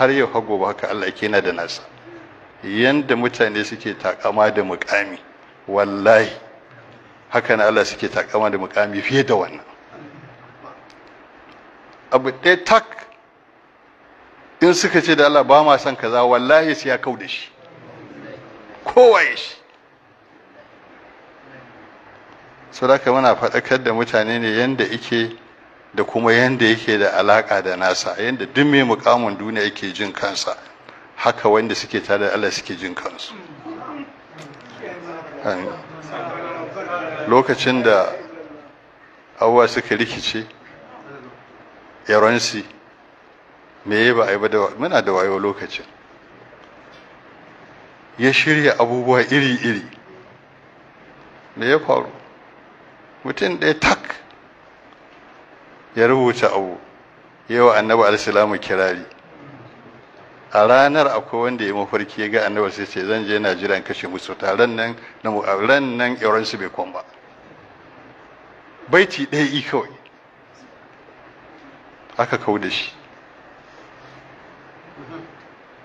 har yau hago ba haka Allah yake na da nasa yanda mutane suke takama da mukami wallahi haka na Allah suke takama da mukami fiye da wannan abu ɗaya tak in suka ce da Allah ba ma son kaza wallahi sai ya kau da shi ya shi saboda muna faɗakar da mutane ne yanda ike da kuma yanda yake da alaka da nasa yanda duk mai mukamin duniya yake jin kansa haka wanda suke tare da Allah suke jin kansu lokacin da abuwa suka rikice yaransi me ba a yi ba da muna da wayo lokacin ya shirya abubuwa iri-iri me ya faru mutum ɗaya tak ya rubuta abu yawa annabi alisalamu kirari a ranar akwai wanda ya mafarki ya ga annabi sai ce zan je na jiran kashe musu taron nan na mu'awilan nan yawon su bai ba baiti ɗaya i kawai aka kau da shi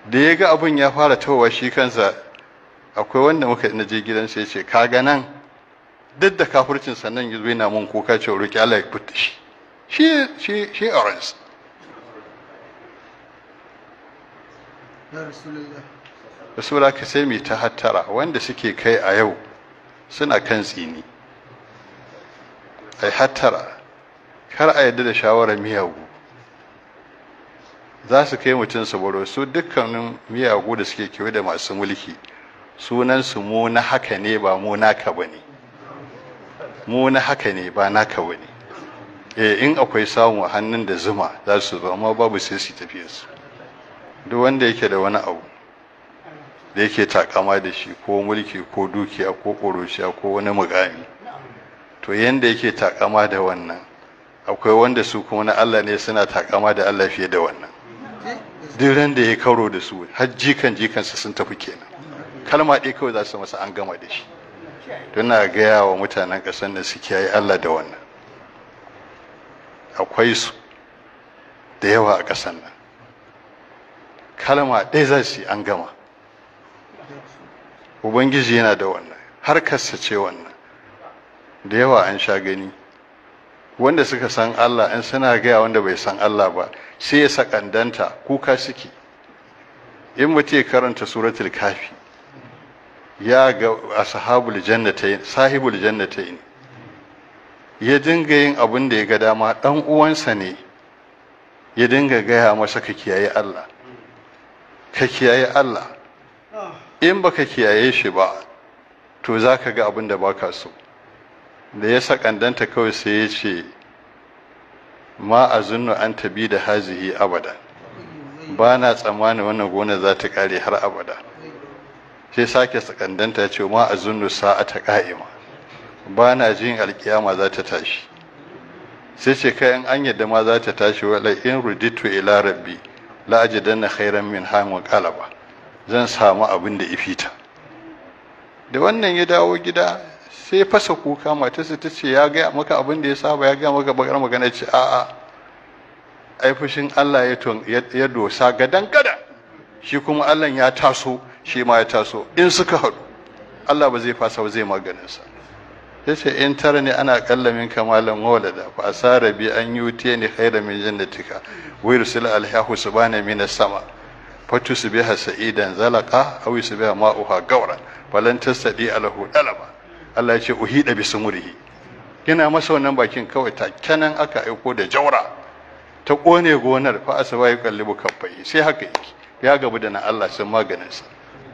da ya ga abin ya fara tawowa shi kansa akwai wanda muka na je gidan sai ce ka nan duk da kafircin sannan yanzu yana mun kuka ce wuri Allah ya fita shi She, she, she earns. Rasulullah ka sai mai ta hattara wanda suke kai a yau suna kan tsini. Ai hattara, kar a yadda da shawarar miyagu. Za su kai mutum su baro su dukkanin miyagu da suke kewaye da masu mulki sunansu mu na haka ne ba mu naka ba ne. Mu na haka ne ba naka ba ne. eh in akwai samu a hannun da zuma za su zo amma babu sai su tafiya su duk wanda yake da wani abu da yake takama da shi ko mulki ko dukiya ko koroshiya ko wani mugami to yanda yake takama da wannan akwai wanda su kuma na Allah ne suna takama da Allah fiye da wannan duk ran da ya karo da su har jikan jikansa sun tafi kenan kalma ɗaya kawai za su masa an gama da shi don na gaya wa mutanen ƙasar da suke yi Allah da wannan akwai su da yawa a ƙasan nan kalama ɗaya za su yi an gama ubangiji yana da wannan harkarsa ce wannan da yawa an sha gani wanda suka san allah in suna gaya wanda bai san allah ba sai ya sakandanta kuka suke in mutu ya karanta suratul kafi ya ga ashabul jannatayn sahibul ne. ya dinga yin abin da ya ga dama ɗan uwansa ne ya dinga gaya masa ka kiyaye Allah ka kiyaye Allah in baka kiyaye shi ba to za ka ga abin da baka so da ya sakandanta kawai sai ya ce ma a zunnu an tabi da hazihi abada ba na tsammanin wannan gona za ta kare har abada sai sake sakandanta ya ce ma a zunnu sa'a ta ka'ima ba na jin alkiyama za ta tashi sai ce kayan an yadda ma za ta tashi wala in ruditu ila rabbi la na khairan min hamun qalaba zan samu abin da ifita da wannan ya dawo gida sai fasa kuka matarsa ta ce ya gaya maka abin da ya saba ya gaya maka bakar magana ce a ai fushin Allah ya dosa gadan gada shi kuma Allah ya taso shi ma ya taso in suka haɗu Allah ba zai fasa ba zai maganinsa yace in tara ne ana kalla min kamalan walada fa asara bi an yuti ni khaira min jannatika wa yursila alhahu subhana min as-sama fatusbiha sa'idan zalaka aw yusbiha ma'uha gawran falan tasadi alahu dalaba Allah yace uhida bi sumurihi kina masa wannan bakin kawai ta kenan aka aiko da jaura ta kone gonar fa asaba kallibu kaffai sai haka yake ya gabu da na Allah sun sa.